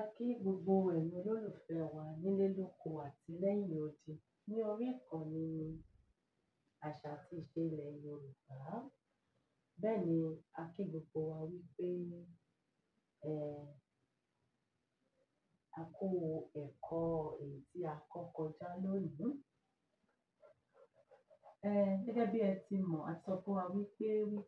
A kí gbogbo ẹ̀yin olólùfẹ́ wa nílé lóko àti odi ní orí ìkànnì Àṣà àti Ìṣe ilẹ̀ Yorùbá. Bẹ́ẹ̀ ni a kí gbogbo wa wípé a kú ẹ̀kọ́ èyí tí a kọ́ kọjá lónìí. Gẹ́gẹ́ bí ẹ ti mọ̀, a sọ fún wa wípé wí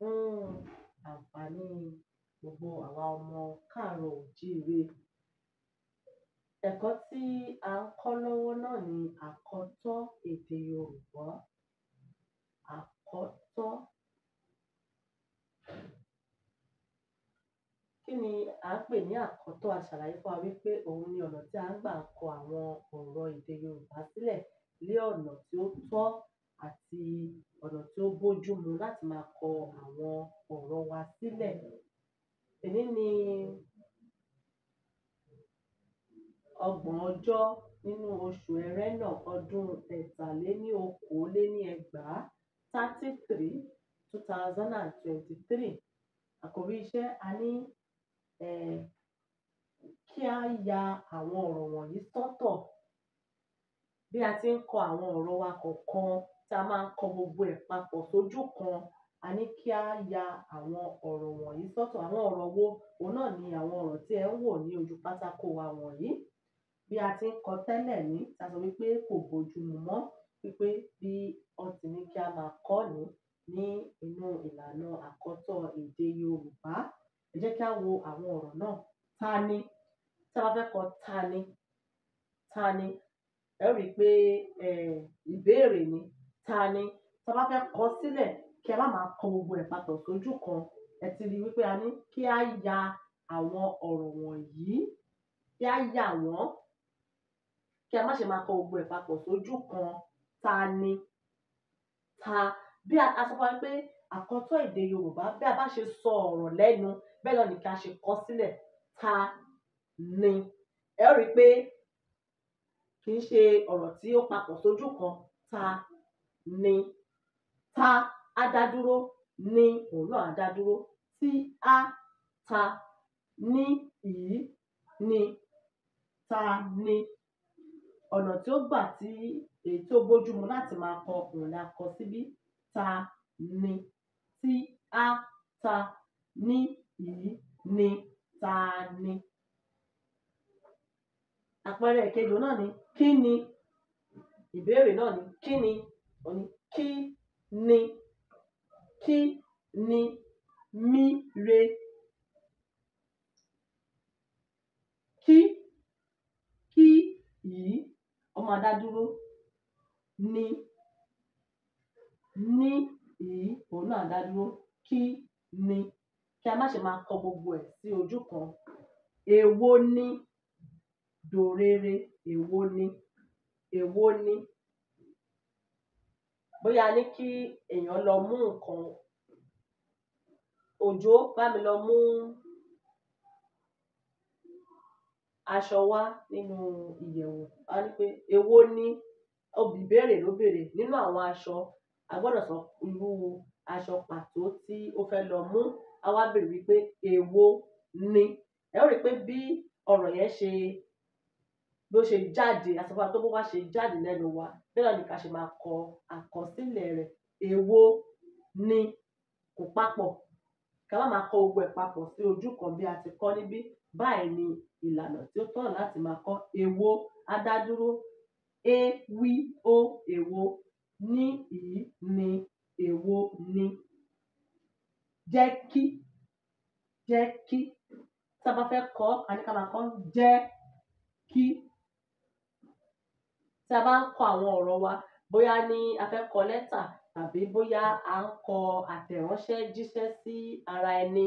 fún àǹfààní gbogbo àwa ọmọ káàárọ̀ oòjíire. Ẹ̀kọ́ tí à ń kọ́ lọ́wọ́ náà ni àkọ́tọ́ èdè Yorùbá. Àkọ́tọ́. Kí ni à ń pè ní àkọ́tọ́? A ṣàlàyé fún wa wípé òun ni ọ̀nà tí à ń gbà kọ àwọn ọ̀rọ̀ èdè Yorùbá sílẹ̀ ní ọ̀nà tí ó tọ́ àti ọ̀nà tí ó bójú mu láti máa kọ àwọn ọ̀rọ̀ wa sílẹ̀. Èní ni ọgbọ̀n ọjọ́ nínú oṣù Ẹrẹ́nà ọdún ẹ̀tàléníokòó thirty three two thousand and twenty three. Àkòrí iṣẹ́ a ní, kí a ya àwọn ọ̀rọ̀ wọ̀nyí sọ́tọ̀ bí a ti ń kọ àwọn ọ̀rọ̀ wa kọ̀ọ̀kan tá a máa ń kọ gbogbo ẹ̀ papọ̀ sójú kan a ní kí a ya àwọn ọ̀rọ̀ wọ̀nyí sọ́tọ̀ àwọn ọ̀rọ̀ wo òun náà ni àwọn ọ̀rọ̀ tí ẹ ń wò ní ojú pátákó wa wọ̀nyí bí a ti ń kọ tẹ́lẹ̀ ní ta sọ wípé kò bójú mu mọ́ wípé bí wọ́n ti ní kí a máa kọ́ ní ní inú ìlànà àkọ́tọ̀ èdè Yorùbá ẹ jẹ́ kí a wo àwọn ọ̀rọ̀ náà ta ni tá a fẹ́ kọ ta ni ta ni ẹ rí i pé ìbéèrè ni ta ni tí a bá fẹ́ kọ sílẹ̀ kí ẹ má máa kọ gbogbo ẹ̀ papọ̀ sójú kan ẹ ti rí wípé a ní kí a ya àwọn ọ̀rọ̀ wọ̀nyí kí á yà wọ́n kí a má ṣe máa kọ gbogbo ẹ̀ papọ̀ sójú kan ta ni ta bí a sọ fún wa pé àkọ́tọ̀ èdè Yorùbá bí a bá ṣe sọ ọ̀rọ̀ lẹ́nu bẹ́ẹ̀ lọ ni kí a ṣe kọ sílẹ̀ ta ni ẹ rí i pé kì í ṣe ọ̀rọ̀ tí ó papọ̀ sójú kan ta ni ta á ni òun náà á dá tí á ta ní ìyí ni ta ni ọ̀nà tí ó gbà tí èyí tó bójúmu láti máa kọ òun la kọ síbí ta ni tí a ta ní ìyí ni ta ni. àpẹẹrẹ ìkejì náà ni kí ni ìbéèrè náà ni kí ni Wọ́n ní kí ni kí ni mí re? Kí kí yìí ọmọ adádúró ni ní yìí òun náà adádúró kí ni kí a má ṣe máa kọ gbogbo ẹ̀ sí ojú kan. Èwo ni dòrere? Èwo ni? Èwo ni? bóyá a ní kí èèyàn lọ mú nǹkan Òjó bá mi lọ mú aṣọ wá nínú ìyẹ̀wò a ní pé èwo ni olùbéèrè ló béèrè nínú àwọn aṣọ a gbọ́dọ̀ sọ irú aṣọ pàtó tí ó fẹ́ lọ mú a wá béèrè wípé èwo ni ẹ ó rí pé bí ọ̀rọ̀ yẹn ṣe bó ṣe jáde àti bó bá ṣe jáde lẹ́nu wa bẹ́ẹ̀ náà ni ká ṣe máa kọ àkọsílẹ̀ rẹ̀ èwo ni kò papọ̀ ká má máa kọ gbogbo ẹ̀ papọ̀ sí ojú kan bí a ti kọ́ níbí báyìí ni ìlànà tí ó tọ̀nà láti máa kọ èwo adádúró e wí o èwo ní ìyí ni èwo ni jẹ́ kí jẹ́ kí tá a bá fẹ́ kọ a ní ká jẹ́ kí tí a bá ń kọ àwọn ọ̀rọ̀ wa bóyá ní a fẹ́ kọ lẹ́tà tàbí bóyá à ń kọ àtẹ̀ránṣẹ́ jíṣẹ́ sí ara ẹni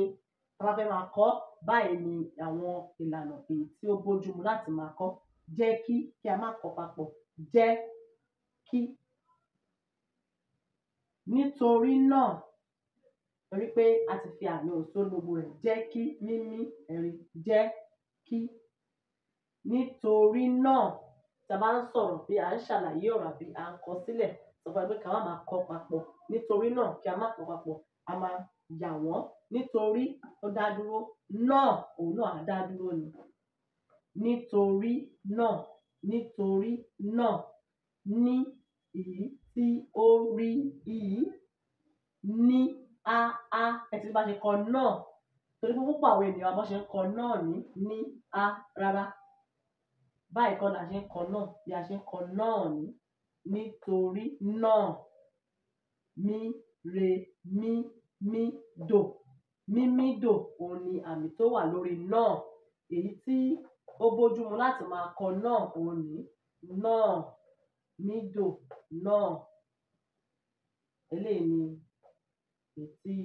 tá a bá fẹ́ máa kọ báyìí ni àwọn ìlànà èyí tí ó bójúmu láti máa kọ jẹ́ kí kí a má kọ papọ̀ jẹ́ kí. Nítorí náà torí pé a ti fi àmì òǹsó gbogbo rẹ̀ jẹ́ kí mímí ẹ̀rí jẹ́ kí. Nítorí náà tí a bá ń sọ̀rọ̀ bí a ń ṣàlàyé ọ̀rọ̀ àbí à ń kọ sílẹ̀ sọ fún ẹgbẹ́ ká má máa kọ papọ̀ nítorí náà kí a má kọ papọ̀ a máa yà wọ́n nítorí ó dá dúró náà òun náà á dá dúró ni nítorí náà nítorí náà ní ìyí tí ó rí yìí ní a a ẹ ti bá ṣe kọ náà torí pé púpọ̀ àwọn ènìyàn abọ́ ṣe ń kọ náà ní ní a rárá báyìí kọ́ la ṣe ń kọ náà bí a ṣe ń kọ náà ní nítorí náà mi re mi mi dò mi dò òun ni àmì tó wà lórí náà èyí tí ó bójúmu láti máa kọ náà òun ní náà mí dò náà eléyìí ni èyí tí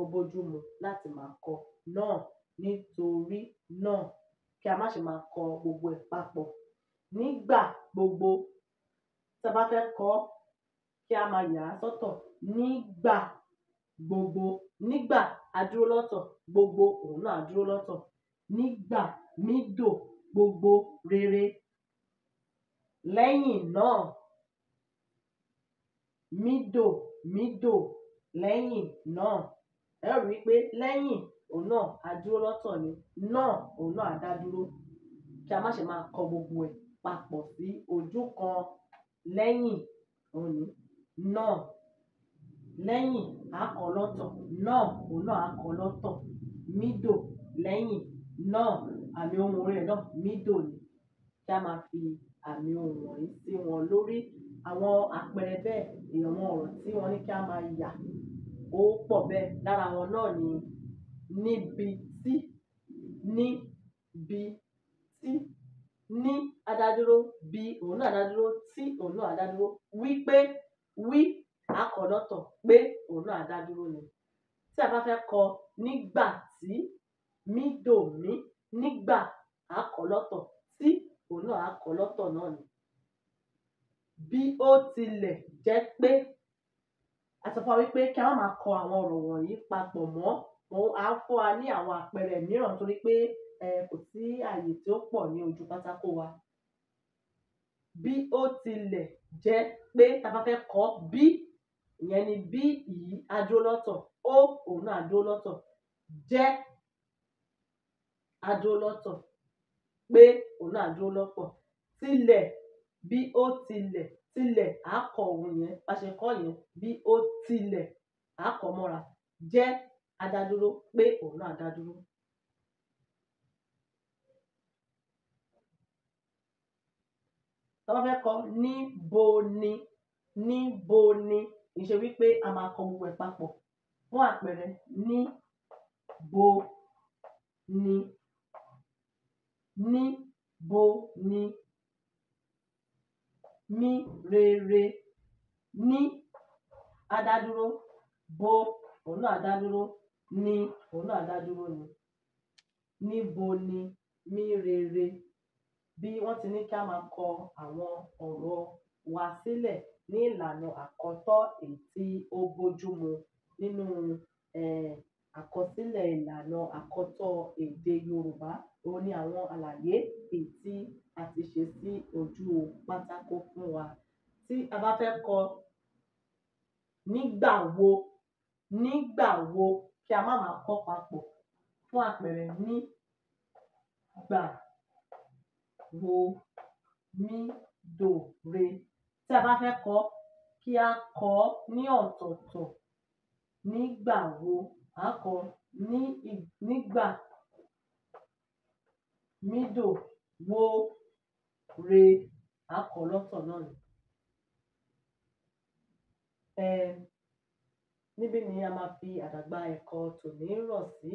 ó bójúmu láti máa kọ náà nítorí náà kí a má ṣe máa kọ gbogbo ẹ̀ papọ̀ nígbà gbogbo tá a bá fẹ́ kọ kí a máa yà á sọ́tọ̀ nígbà gbogbo nígbà adúró lọ́tọ̀ gbogbo òun náà adúró lọ́tọ̀ nígbà mídò gbogbo rere lẹ́yìn náà mídò mídò lẹ́yìn náà ẹ rí i pé lẹ́yìn òun náà á dúró lọ́tọ̀ ni náà òun náà á dá dúró kí a má ṣe máa kọ gbogbo ẹ̀ papọ̀ sí ojú kan lẹ́yìn òun ni náà lẹ́yìn á kọ lọ́tọ̀ náà òun náà á kọ lọ́tọ̀ mídò lẹ́yìn náà àmì ohùn rẹ̀ náà mídò ni kí a máa fi àmì ohùn wọ̀nyí sí wọn lórí àwọn àpẹẹrẹ bẹ́ẹ̀ èèyàn ọ̀rọ̀ tí wọ́n ní kí a máa yà ó pọ̀ bẹ́ẹ̀ lára wọn náà ni níbi tí níbi tí ní adádúró bí òun náà adádúró tí òun náà adádúró wí pé wí akọ̀lọ́tọ̀ pé òun náà adádúró ni tí a bá fẹ́ kọ nígbà tí mí dò mí nígbà akọ̀lọ́tọ̀ tí òun náà akọ̀lọ́tọ̀ náà ni bí ó tilẹ̀ jẹ́ pé àtọ́fà wípé kí a má máa kọ àwọn ọ̀rọ̀ wọ̀nyí papọ̀ mọ́ òun á fún wa ní àwọn àpẹẹrẹ mìíràn torí pé kò sí ààyè tí ó pọ̀ ní ojú pátákó wa. Bí ó tilẹ̀ jẹ́ pé ta bá fẹ́ kọ bí ìyẹn ni bí yìí á dúró lọ́tọ̀, ó òun náà á dúró lọ́tọ̀, jẹ́ á dúró lọ́tọ̀, pé òun náà á dúró lọ́tọ̀, tilẹ̀ bí ó tilẹ̀ tilẹ̀ á kọ òun yẹn, bá ṣe kọ yẹn bí ó tilẹ̀ á mọ́ra, jẹ́ á dá dúró pé òun náà dá dúró. tọ́wọ́ fẹ́ kọ níbo ni níbo ni ìṣe wípé a máa kọ gbogbo ẹ̀ papọ̀ fún àpẹẹrẹ níbo ni níbo ni mi rere ní adádúró bo òun náà adádúró ni òun náà dá ni níbo ni mí rere bí wọ́n ti ní kí a máa kọ àwọn ọ̀rọ̀ wa sílẹ̀ ní ìlànà àkọ́tọ́ èyí tí ó bójúmu nínú àkọsílẹ̀ ìlànà àkọ́tọ́ èdè Yorùbá òun ni àwọn àlàyé èyí tí a ti ṣe sí ojú pátákó fún wa tí a bá fẹ́ kọ nígbà wo nígbà wo kí a má máa kọ́ papọ̀ fún àpẹẹrẹ ní gbà ro mí dò re tí a bá fẹ́ kọ kí a kọ ní ọ̀tọ̀ọ̀tọ̀ nígbà wo a kọ ní nígbà mí dò wo re a kọ lọ́tọ̀ náà ni. Um, níbí ni a máa fi àdàgbà ẹ̀kọ́ tòní rọ̀ sí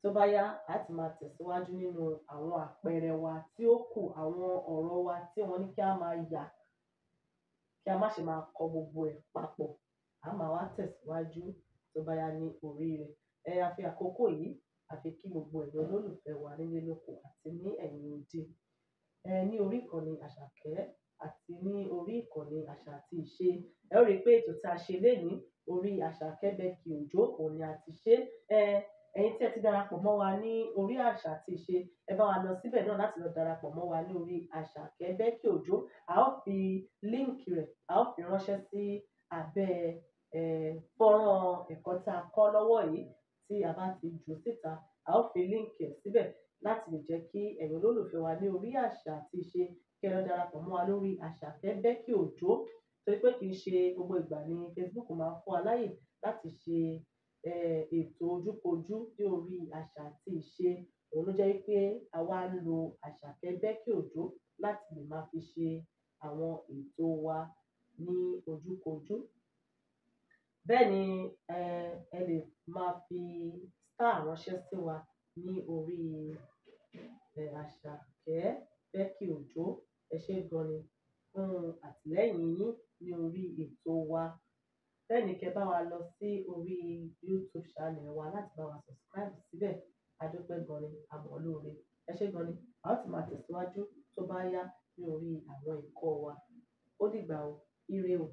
tó bá yá a ti máa tẹ̀síwájú nínú àwọn àpẹẹrẹ wa tí ó kù àwọn ọ̀rọ̀ wa tí wọ́n ní kí a máa yà kí a má ṣe máa kọ gbogbo ẹ̀ papọ̀ a máa wá tẹ̀síwájú tó bá yá ní orí ẹ a fi àkókò yìí a fi kí gbogbo ẹ̀yọ́ lólùfẹ́ wa nílé lóko àti ní ẹ̀yìn òde ẹ ní orí ìkànnì àṣàkẹ́ àti ní orí ìkànnì àṣà àti ìṣe. Ẹ ó rí pé ètò tí a ṣe lénìí orí Àṣàkẹ́bẹkì Òjó òun ni a ti ṣe. Ẹ ẹ̀yin tí ẹ ti darapọ̀ mọ́ wa ní orí àṣà àti ìṣe, ẹ bá wa lọ síbẹ̀ náà láti lọ darapọ̀ mọ́ wa ní orí Àṣàkẹ́bẹkì Òjó. A ó fi líńkì rẹ̀, a ó fi ránṣẹ́ sí abẹ́ ẹ fọ́nrán ẹ̀kọ́ tí a kọ́ lọ́wọ́ yìí tí a bá ti jù síta. A ó fi líńkì ẹ̀ síbẹ̀ láti lè jẹ́ kí ẹ̀yin olólùfẹ́ wa ní orí àṣà àti ìṣe kí ẹ lọ darapọ̀ mọ́ wa lórí Àṣàkẹ́ Bẹ́kì Òjó torí pé kì í ṣe gbogbo ìgbà ni Facebook máa ń fún wa láyè láti ṣe ètò ojúkojú ní orí àṣà àti ìṣe òun ló jẹ́ pé àwa ń lo Àṣàkẹ́ Bẹ́kì Òjó láti lè máa fi ṣe àwọn ètò wa ní ojúkojú. Bẹ́ẹ̀ ni ẹ lè máa fi star ránṣẹ́ sí wa ní orí àṣàkẹ́ bẹ́kì òjó ẹ ṣé gan ni fún àtìlẹ́yìn yín ní orí ètò wa bẹ́ẹ̀ ni kẹ́ bá wa lọ sí orí youtube channel wa láti bá wa subscribe síbẹ̀ adúpẹ́ gan ni àmọ́ lóore ẹ ṣé gan ni a ó ti máa tẹ̀síwájú tó bá yá ní orí àwọn ẹ̀kọ́ wa ó dìgbà o ire o.